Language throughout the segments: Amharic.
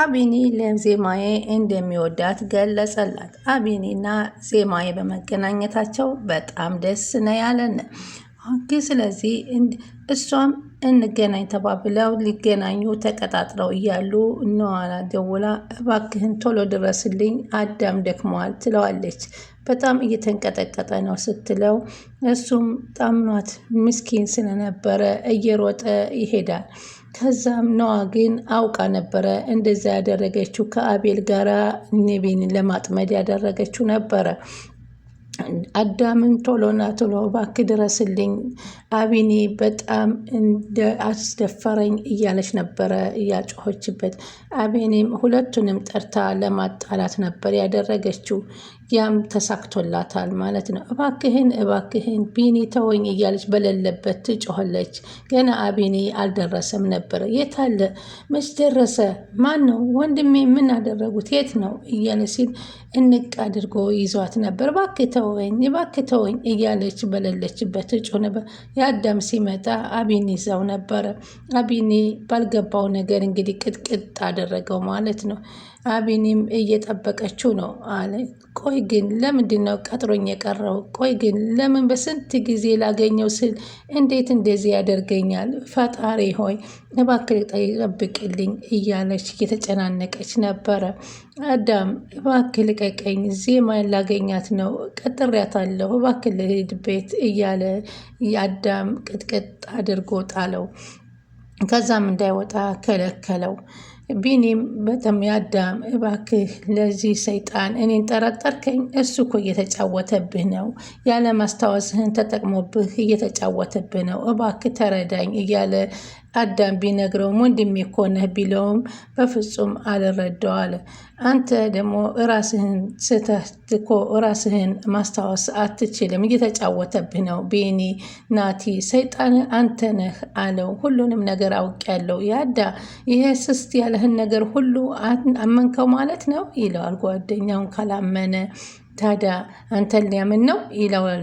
አቢኒ ለዜማዬ እንደሚወዳት ገለጸላት። አቢኒና ዜማዬ በመገናኘታቸው በጣም ደስ ነው ያለን። ስለዚህ እሷም እንገናኝ ተባብለው ሊገናኙ ተቀጣጥረው እያሉ እነዋላ ደውላ እባክህን ቶሎ ድረስልኝ አዳም ደክመዋል ትለዋለች። በጣም እየተንቀጠቀጠ ነው ስትለው እሱም ጣምኗት ምስኪን ስለነበረ እየሮጠ ይሄዳል። ከዛም ነዋ ግን አውቃ ነበረ እንደዛ ያደረገችው ከአቤል ጋራ ኔቤን ለማጥመድ ያደረገችው ነበረ። አዳምን ቶሎና ቶሎ ባክ ድረስልኝ አቤኔ በጣም እንደ አስደፈረኝ እያለች ነበረ እያጮኸችበት። አቤኔም ሁለቱንም ጠርታ ለማጣላት ነበር ያደረገችው። ያም ተሳክቶላታል ማለት ነው። እባክህን እባክህን ቢኒ ተወኝ እያለች በሌለበት ትጮኸለች። ገና አቢኒ አልደረሰም ነበረ። የት አለ? መች ደረሰ? ማን ነው ወንድሜ? ምን አደረጉት? የት ነው እያለ ሲል እንቅ አድርጎ ይዟት ነበር። እባክህ ተወኝ፣ እባክህ ተወኝ እያለች በሌለችበት ትጮህ ነበር። የአዳም ሲመጣ አቢኒ ይዛው ነበረ። አቢኒ ባልገባው ነገር እንግዲህ ቅጥቅጥ አደረገው ማለት ነው። አቢኒም እየጠበቀችው ነው አለ። ቆይ ግን ለምንድን ነው ቀጥሮኝ የቀረው? ቆይ ግን ለምን በስንት ጊዜ ላገኘው ስል እንዴት እንደዚህ ያደርገኛል? ፈጣሪ ሆይ እባክህ ጠብቅልኝ እያለች እየተጨናነቀች ነበረ። አዳም እባክህ ልቀቀኝ፣ ዜማን ላገኛት ነው ቀጥሬያታለሁ፣ እባክህ ልሂድ ቤት እያለ አዳም ቅጥቅጥ አድርጎ ጣለው። ከዛም እንዳይወጣ ከለከለው። ቢኒም በጣም ያዳም እባክህ ለዚህ ሰይጣን እኔን ጠረጠርከኝ። እሱ እኮ እየተጫወተብህ ነው፣ ያለ ማስታወስህን ተጠቅሞብህ እየተጫወተብህ ነው። እባክህ ተረዳኝ እያለ አዳም ቢነግረውም ወንድሜ እኮ ነህ ቢለውም በፍጹም አልረዳው አለ። አንተ ደግሞ ራስህን ስተህ እኮ ራስህን ማስታወስ አትችልም፣ እየተጫወተብህ ነው። ቤኒ ናቲ ሰይጣን አንተ ነህ አለው። ሁሉንም ነገር አውቄያለሁ ያዳ፣ ይሄ ስስት ያለህን ነገር ሁሉ አመንከው ማለት ነው ይለዋል ጓደኛውን ካላመነ ታዲያ አንተን ሊያምን ነው ይለዋል።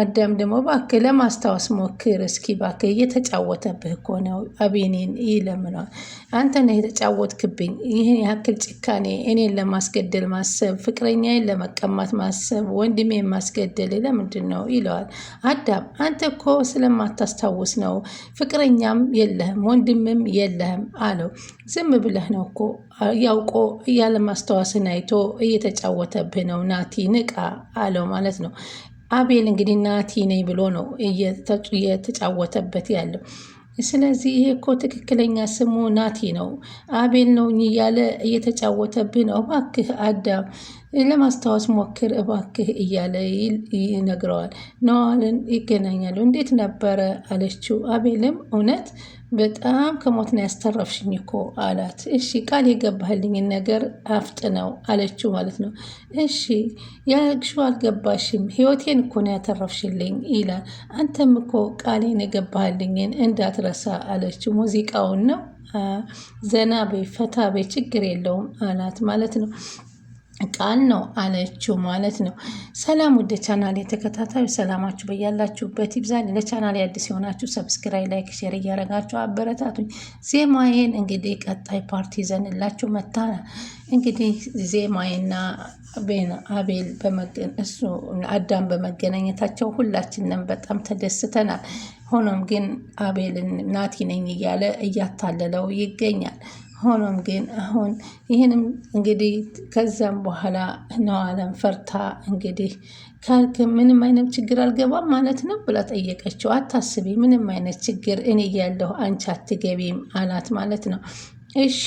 አዳም ደግሞ እባክህ ለማስታወስ ሞክር እስኪ እባክህ እየተጫወተብህ እኮ ነው አቤኔን ይለምነዋል። አንተ ነህ የተጫወትክብኝ። ይህን ያክል ጭካኔ እኔን ለማስገደል ማሰብ፣ ፍቅረኛዬን ለመቀማት ማሰብ፣ ወንድሜን ማስገደል ለምንድን ነው ይለዋል። አዳም አንተ እኮ ስለማታስታውስ ነው፣ ፍቅረኛም የለህም ወንድምም የለህም አለው። ዝም ብለህ ነው እኮ ያውቆ እያለ ማስተዋስን አይቶ እየተጫወተብህ ነው ናቲ ንቃ አለው ማለት ነው። አቤል እንግዲህ ናቲ ነኝ ብሎ ነው እየተጫወተበት ያለው። ስለዚህ ይሄ እኮ ትክክለኛ ስሙ ናቲ ነው፣ አቤል ነው እያለ እየተጫወተብህ ነው። እባክህ አዳም ለማስታወስ ሞክር እባክህ እያለ ይነግረዋል። ነዋልን ይገናኛሉ። እንዴት ነበረ አለችው። አቤልም እውነት በጣም ከሞት ነው ያስተረፍሽኝ እኮ አላት። እሺ ቃል የገባህልኝን ነገር አፍጥነው አለችው ማለት ነው። እሺ ያልግሽው አልገባሽም፣ ህይወቴን እኮ ነው ያተረፍሽልኝ ይላል። አንተም እኮ ቃሌን የገባህልኝን እንዳትረሳ አለችው። ሙዚቃውን ነው ዘና በይ ፈታ በይ ችግር የለውም አላት ማለት ነው። ቃል ነው አለችው ማለት ነው። ሰላም ወደ ቻናል የተከታታዩ ሰላማችሁ በያላችሁበት ይብዛል። ለቻናል አዲስ የሆናችሁ ሰብስክራይ፣ ላይክ፣ ሼር እያረጋችሁ አበረታቱኝ። ዜማዬን እንግዲህ ቀጣይ ፓርቲ ይዘንላችሁ መታና እንግዲህ ዜማዬና አቤል እሱ አዳም በመገናኘታቸው ሁላችንም በጣም ተደስተናል። ሆኖም ግን አቤልን ናቲ ነኝ እያለ እያታለለው ይገኛል። ሆኖም ግን አሁን ይህንም እንግዲህ ከዛም በኋላ ነዋለም ፈርታ እንግዲህ ካልክ ምንም አይነት ችግር አልገባም ማለት ነው ብላ ጠየቀችው። አታስቢ፣ ምንም አይነት ችግር እኔ ያለሁ አንቺ አትገቢም አላት ማለት ነው። እሺ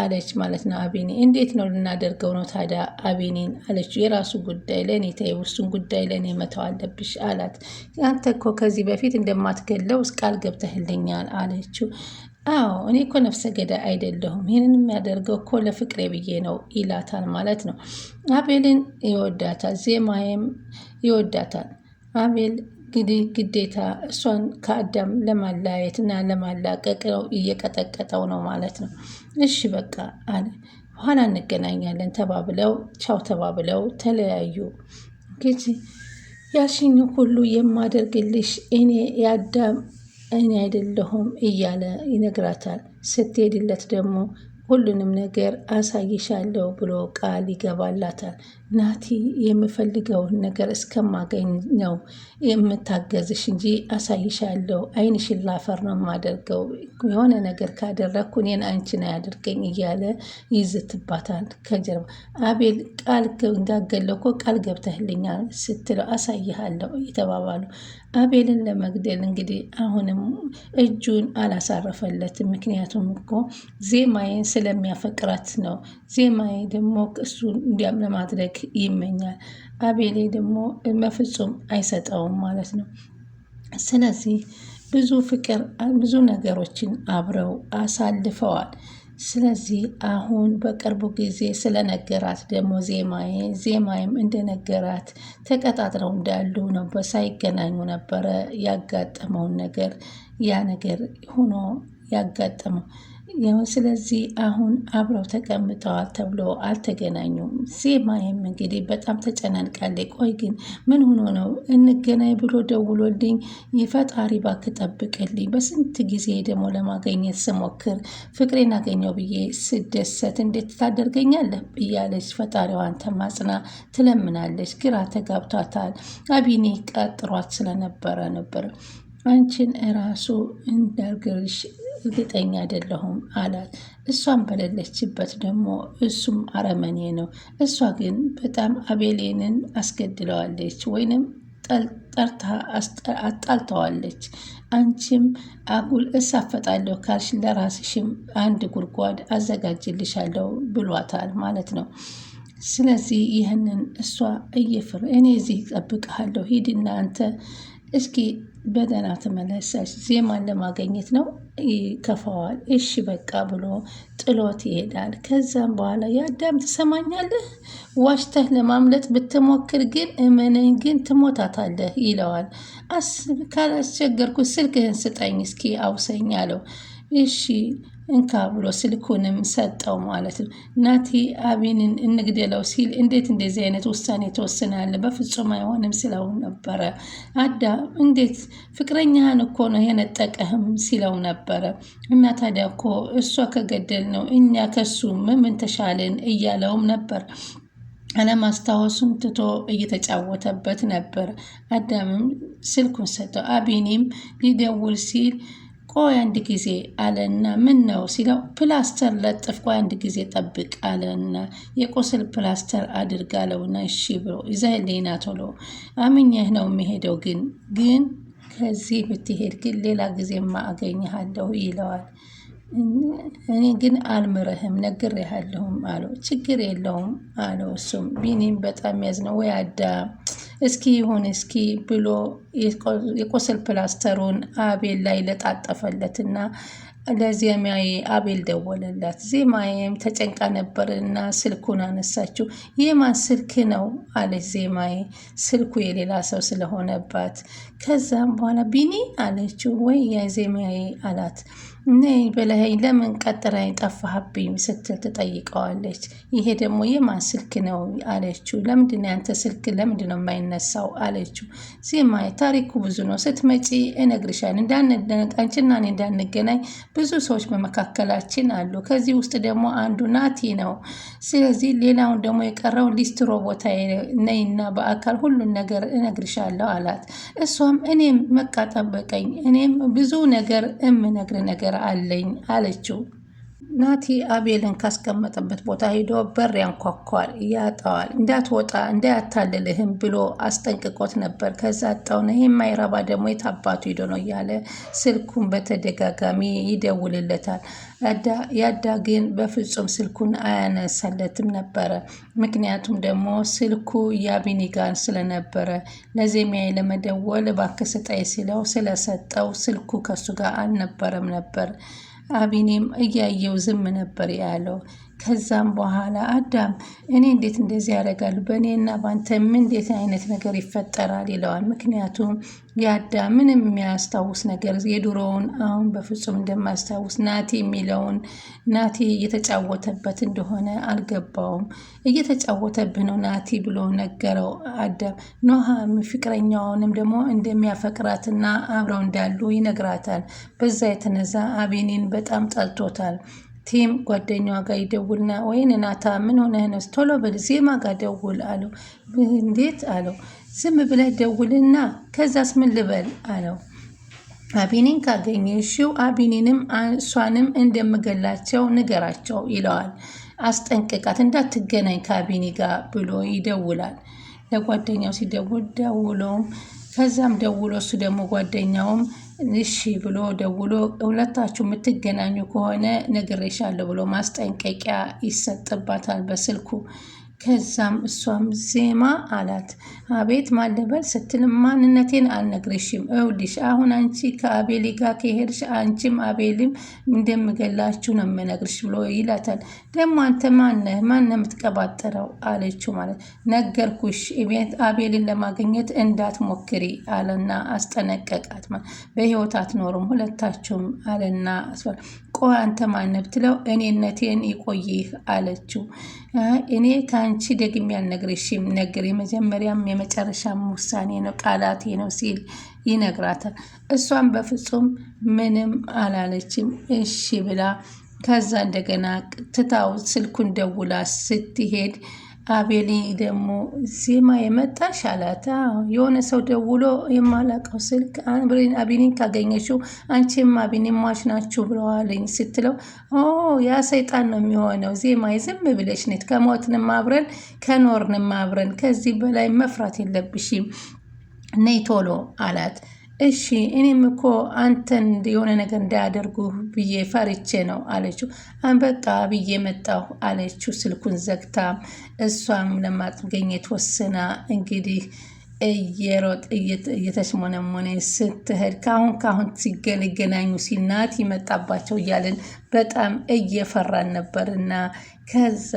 አለች ማለት ነው። አቢኔ እንዴት ነው ልናደርገው ነው ታዲያ አቢኔን አለች። የራሱ ጉዳይ ለእኔ ተይው፣ እሱን ጉዳይ ለእኔ መተው አለብሽ አላት። አንተ እኮ ከዚህ በፊት እንደማትገለው ቃል ገብተህልኛል አለችው። አዎ እኔ እኮ ነፍሰ ገዳይ አይደለሁም፣ ይህንን የሚያደርገው እኮ ለፍቅሬ ብዬ ነው ይላታል ማለት ነው። አቤልን ይወዳታል፣ ዜማዬም ይወዳታል። አቤል እንግዲህ ግዴታ እሷን ከአዳም ለማለያየት እና ለማላቀቅ ነው እየቀጠቀጠው ነው ማለት ነው። እሺ በቃ አለ። በኋላ እንገናኛለን ተባብለው ቻው ተባብለው ተለያዩ። እንግዲህ ያልሽኝ ሁሉ የማደርግልሽ እኔ የአዳም እኔ አይደለሁም እያለ ይነግራታል። ስትሄድለት ደግሞ ሁሉንም ነገር አሳይሻለሁ ብሎ ቃል ይገባላታል። ናቲ የምፈልገውን ነገር እስከማገኝ ነው የምታገዝሽ እንጂ አሳይሻለሁ፣ ዓይንሽን ላፈር ነው የማደርገው። የሆነ ነገር ካደረግኩ እኔን አንቺን አያደርገኝ እያለ ይዝትባታል ከጀርባ። አቤል ቃል እንዳገለው እኮ ቃል ገብተህልኛል ስትለው አሳይሃለሁ እየተባባሉ አቤልን ለመግደል እንግዲህ አሁንም እጁን አላሳረፈለትም። ምክንያቱም እኮ ዜማዬን ስለሚያፈቅራት ነው። ዜማዬ ደግሞ እሱ እንዲያም ለማድረግ ይመኛል። አቤሌ ደግሞ በፍጹም አይሰጠውም ማለት ነው። ስለዚህ ብዙ ፍቅር ብዙ ነገሮችን አብረው አሳልፈዋል። ስለዚህ አሁን በቅርቡ ጊዜ ስለነገራት ደግሞ ዜማዬ ዜማዬም እንደነገራት ተቀጣጥረው እንዳሉ ነው። በሳይገናኙ ነበረ ያጋጠመውን ነገር ያ ነገር ሆኖ ያጋጠመው ያው ስለዚህ አሁን አብረው ተቀምጠዋል ተብሎ አልተገናኙም። ሴማየም እንግዲህ በጣም ተጨናንቃለች። ቆይ ግን ምን ሆኖ ነው እንገናኝ ብሎ ደውሎልኝ የፈጣሪ ባክ ጠብቅልኝ፣ በስንት ጊዜ ደግሞ ለማገኘት ስሞክር ፍቅሬን አገኘው ብዬ ስደሰት እንዴት ታደርገኛለህ እያለች ፈጣሪዋን ተማጽና ትለምናለች። ግራ ተጋብቷታል። አቢኔ ቀጥሯት ስለነበረ ነበር አንቺን እራሱ እንዳልገልሽ እርግጠኛ አይደለሁም አላት። እሷን በሌለችበት ደግሞ እሱም አረመኔ ነው። እሷ ግን በጣም አቤሌንን አስገድለዋለች ወይንም ጠርታ አጣልተዋለች። አንቺም አጉል እሳፈጣለሁ ካልሽ ለራስሽም አንድ ጉድጓድ አዘጋጅልሻለሁ ብሏታል ማለት ነው። ስለዚህ ይህንን እሷ እየፍር እኔ እዚህ እጠብቅሃለሁ ሂድና አንተ እስኪ በደህና ተመለሰች። ዜማን ለማገኘት ነው ይከፋዋል። እሺ በቃ ብሎ ጥሎት ይሄዳል። ከዛም በኋላ የአዳም ትሰማኛለህ፣ ዋሽተህ ለማምለጥ ብትሞክር ግን እመነኝ ግን ትሞታታለህ ይለዋል። ካላስቸገርኩ ስልክህን ስጠኝ እስኪ አውሰኝ አለው። እሺ እንካ ብሎ ስልኩንም ሰጠው ማለት ነው። ናቲ አቢንን እንግደለው ሲል እንዴት እንደዚህ አይነት ውሳኔ ተወስናለ? በፍጹም አይሆንም ስለው ነበረ። አዳም እንዴት ፍቅረኛህን እኮ ነው የነጠቀህም ሲለው ነበረ። እና ታዲያ እኮ እሷ ከገደል ነው እኛ ከሱ ምን ተሻልን እያለውም ነበር አለማስታወሱን ትቶ እየተጫወተበት ነበር። አዳምም ስልኩን ሰጠው። አቢኒም ሊደውል ሲል ቆይ አንድ ጊዜ አለና ምን ነው ሲለው ፕላስተር ለጥፍ፣ ቆይ አንድ ጊዜ ጠብቅ አለና የቁስል ፕላስተር አድርግ አለውና እሺ ብሎ ይዘህልኝና ቶሎ አምኜህ ነው የሚሄደው ግን ግን ከዚህ ብትሄድ ግን ሌላ ጊዜማ አገኘሃለሁ ይለዋል። እኔ ግን አልምርህም ነግሬሃለሁም አለው። ችግር የለውም አለው። እሱም ቢኒም በጣም ያዝነው ወይ አዳም እስኪ ይሁን እስኪ ብሎ የቆሰል ፕላስተሩን አቤል ላይ ለጣጠፈለትና ለዜማዬ አቤል ደወለላት። ዜማዬም ተጨንቃ ነበርና ስልኩን አነሳችው። የማን ስልክ ነው አለች ዜማዬ። ስልኩ የሌላ ሰው ስለሆነባት ከዛም በኋላ ቢኒ አለችው። ወይ የዜማዬ አላት። ነይ በለኸኝ ለምን ቀጥረኸኝ ጠፋህብኝ ስትል ትጠይቀዋለች። ይሄ ደግሞ የማን ስልክ ነው አለችው። ለምንድን ያንተ ስልክ ለምንድን ነው የማይነሳው አለችው። ዜማ ታሪኩ ብዙ ነው፣ ስትመጪ እነግርሻለሁ። እንዳንደነቅ አንቺና እኔ እንዳንገናኝ ብዙ ሰዎች በመካከላችን አሉ። ከዚህ ውስጥ ደግሞ አንዱ ናቲ ነው። ስለዚህ ሌላውን ደግሞ የቀረው ሊስትሮ ቦታ ነይና በአካል ሁሉን ነገር እነግርሻለሁ አላት። እሷም እኔም መቃጠበቀኝ እኔም ብዙ ነገር እምነግር ነገር ነገር አለኝ አለችው። ናቲ አቤልን ካስቀመጠበት ቦታ ሄዶ በር ያንኳኳል፣ ያጠዋል። እንዳትወጣ እንዳያታልልህም ብሎ አስጠንቅቆት ነበር። ከዛ አጣውነ የማይረባ ደግሞ የታባቱ ሄዶ ነው እያለ ስልኩን በተደጋጋሚ ይደውልለታል። ያዳ ግን በፍጹም ስልኩን አያነሳለትም ነበረ። ምክንያቱም ደግሞ ስልኩ ያቢኒጋን ስለነበረ ለዜሚያ ለመደወል እባክህ ስጠኝ ሲለው ስለሰጠው ስልኩ ከሱ ጋር አልነበረም ነበር አቢኔም እያየው ዝም ነበር ያለው። ከዛም በኋላ አዳም እኔ እንዴት እንደዚህ ያደርጋሉ? በእኔና በአንተ ምን እንዴት አይነት ነገር ይፈጠራል? ይለዋል። ምክንያቱም የአዳም ምንም የሚያስታውስ ነገር የድሮውን አሁን በፍጹም እንደማያስታውስ ናቲ የሚለውን ናቲ እየተጫወተበት እንደሆነ አልገባውም። እየተጫወተብህ ነው ናቲ ብሎ ነገረው አዳም። ኖሃም ፍቅረኛውንም ደግሞ እንደሚያፈቅራትና አብረው እንዳሉ ይነግራታል። በዛ የተነዛ አቤኔን በጣም ጠልቶታል። ቲም ጓደኛዋ ጋር ይደውልና ወይን ናታ ምን ሆነህ ነው? ቶሎ በል ዜማ ጋር ደውል አለው። እንዴት አለው። ዝም ብለህ ደውልና ከዛስ ምን ልበል አለው። አቢኔን ካገኘሽው አቢኔንም እሷንም እንደምገላቸው ንገራቸው ይለዋል። አስጠንቅቃት እንዳትገናኝ ከአቢኔ ጋር ብሎ ይደውላል። ለጓደኛው ሲደውል ደውሎም ከዛም ደውሎ እሱ ደግሞ ጓደኛውም እሺ ብሎ ደውሎ ሁለታችሁ የምትገናኙ ከሆነ ነግሬሻለሁ ብሎ ማስጠንቀቂያ ይሰጥባታል በስልኩ። ከዛም እሷም ዜማ አላት። አቤት ማለበል ስትል ማንነቴን አልነግርሽም። እውልሽ አሁን አንቺ ከአቤሌ ጋር ከሄድሽ አንቺም አቤልም እንደምገላችሁ ነው የምነግርሽ ብሎ ይላታል። ደግሞ አንተ ማነህ ማነህ የምትቀባጠረው? አለችው። ማለት ነገርኩሽ ቤት አቤልን ለማግኘት እንዳትሞክሪ አለና አስጠነቀቃት። በህይወት አትኖሩም ሁለታችሁም አለና ቆይ አንተ ማነህ ብትለው እኔነቴን ይቆይህ አለችው። እኔ ከአንቺ ደግሜ አልነግርሽም፣ ነገር የመጀመሪያም የመጨረሻም ውሳኔ ነው ቃላቴ ነው ሲል ይነግራታል። እሷም በፍጹም ምንም አላለችም እሺ ብላ ከዛ እንደገና ትታው ስልኩን ደውላ ስትሄድ አቤሊ ደግሞ ዜማ የመጣሽ አላት። የሆነ ሰው ደውሎ የማላቀው ስልክ አቤኔን ካገኘችው አንቺም አቤኔ ሟች ናችሁ ብለዋለኝ ስትለው ያ ሰይጣን ነው የሚሆነው። ዜማ ዝም ብለሽ ነት ከሞትንም አብረን ከኖርንም አብረን ከዚህ በላይ መፍራት የለብሽም ነይ ቶሎ አላት። እሺ እኔም እኮ አንተን የሆነ ነገር እንዳያደርጉ ብዬ ፈርቼ ነው አለችው። በቃ ብዬ መጣሁ አለችው ስልኩን ዘግታ። እሷም ለማገኘት ወስና እንግዲህ እየሮጥ እየተሽሞነሞነ ስትሄድ ካሁን ካሁን ሲገናኙ ሲናት ይመጣባቸው እያለን በጣም እየፈራን ነበርና ከዛ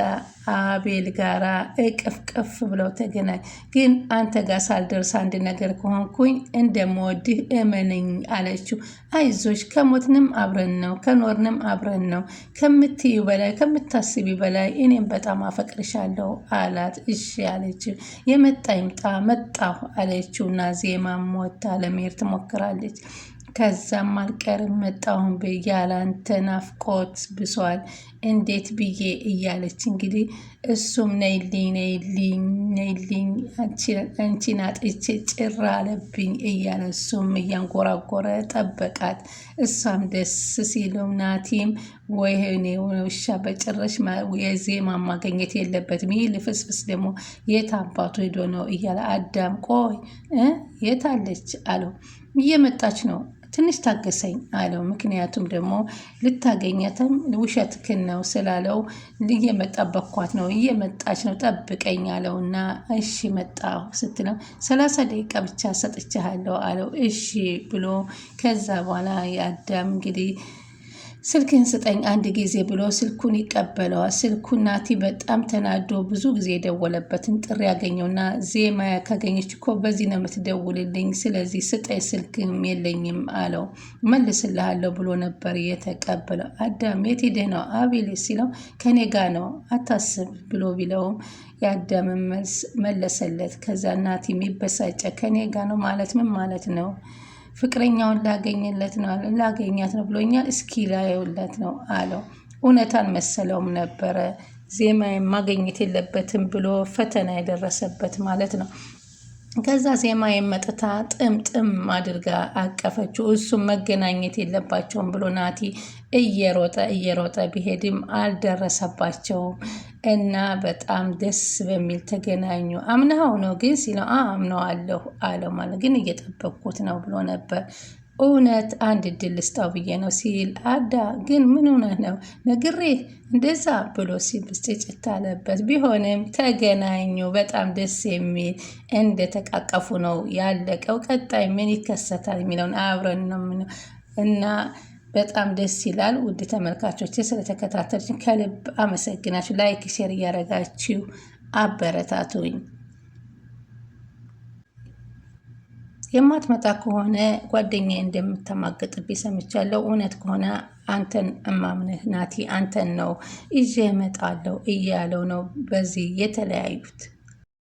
አቤል ጋራ እቅፍቅፍ ብለው ተገናኝ። ግን አንተ ጋር ሳልደርስ አንድ ነገር ከሆንኩኝ እንደምወድህ እመነኝ አለችው። አይዞች ከሞትንም አብረን ነው ከኖርንም አብረን ነው ከምትዩ በላይ ከምታስቢ በላይ እኔም በጣም አፈቅርሻለሁ አላት። እሺ አለችው። የመጣ ይምጣ መጣሁ አለችው እና ዜማ ሞታ ለመሄድ ትሞክራለች። ከዛም አልቀርም መጣሁን ብዬ አንተ ናፍቆት ብሷል እንዴት ብዬ እያለች እንግዲህ እሱም ነይልኝ ነይልኝ ነይልኝ አንቺን አጥቼ ጭራ አለብኝ እያለ እሱም እያንጎራጎረ ጠበቃት። እሷም ደስ ሲለው ናቲም ወይኔ ውሻ በጭራሽ የዜማ ማገኘት የለበትም ይህ ልፍስፍስ ደግሞ የት አባቱ ሄዶ ነው እያለ አዳም ቆይ የት አለች አለው። እየመጣች ነው ትንሽ ታገሰኝ አለው። ምክንያቱም ደግሞ ልታገኘትም ውሸት ክን ነው ስላለው እየመጣበኳት ነው እየመጣች ነው ጠብቀኝ አለው እና እሺ መጣሁ ስትለው ሰላሳ ደቂቃ ብቻ ሰጥቻለሁ አለው። እሺ ብሎ ከዛ በኋላ የአዳም እንግዲህ ስልክህን ስጠኝ አንድ ጊዜ ብሎ ስልኩን ይቀበለዋል። ስልኩ ናቲ በጣም ተናዶ ብዙ ጊዜ የደወለበትን ጥሪ ያገኘውና ዜማ ካገኘች እኮ በዚህ ነው የምትደውልልኝ፣ ስለዚህ ስጠኝ ስልክም የለኝም አለው። መልስልሃለሁ ብሎ ነበር የተቀበለው። አዳም የት ሄደህ ነው አቤል ሲለው ከኔ ጋ ነው አታስብ ብሎ ቢለውም የአዳምን መልስ መለሰለት። ከዛ ናቲ የሚበሳጨ ከኔ ጋ ነው ማለት ምን ማለት ነው ፍቅረኛውን ላገኘለት ነው አለ ላገኛት ነው ብሎኛል፣ እስኪ ላየውለት ነው አለው። እውነታን መሰለውም ነበረ ዜማ ማገኘት የለበትም ብሎ ፈተና የደረሰበት ማለት ነው። ከዛ ዜማ መጥታ ጥምጥም አድርጋ አቀፈችው። እሱም መገናኘት የለባቸውም ብሎ ናቲ እየሮጠ እየሮጠ ቢሄድም አልደረሰባቸውም እና በጣም ደስ በሚል ተገናኙ። አምናው ነው ግን ሲለው አምነዋለሁ አለው። ማለት ግን እየጠበቅኩት ነው ብሎ ነበር እውነት አንድ እድል ልስጣው ብዬ ነው ሲል አዳ ግን ምን እውነት ነው ነግሬህ እንደዛ ብሎ ሲብስጭጭት አለበት። ቢሆንም ተገናኙ። በጣም ደስ የሚል እንደተቃቀፉ ነው ያለቀው። ቀጣይ ምን ይከሰታል የሚለውን አብረን ነው እና በጣም ደስ ይላል። ውድ ተመልካቾች ስለተከታተሉኝ ከልብ አመሰግናችሁ። ላይክ ሼር እያደረጋችሁ አበረታቱኝ። የማትመጣ ከሆነ ጓደኛ እንደምታማግጥብኝ ሰምቻለሁ። እውነት ከሆነ አንተን እማምንህ ናቲ፣ አንተን ነው ይዤ እመጣለሁ እያለው ነው በዚህ የተለያዩት።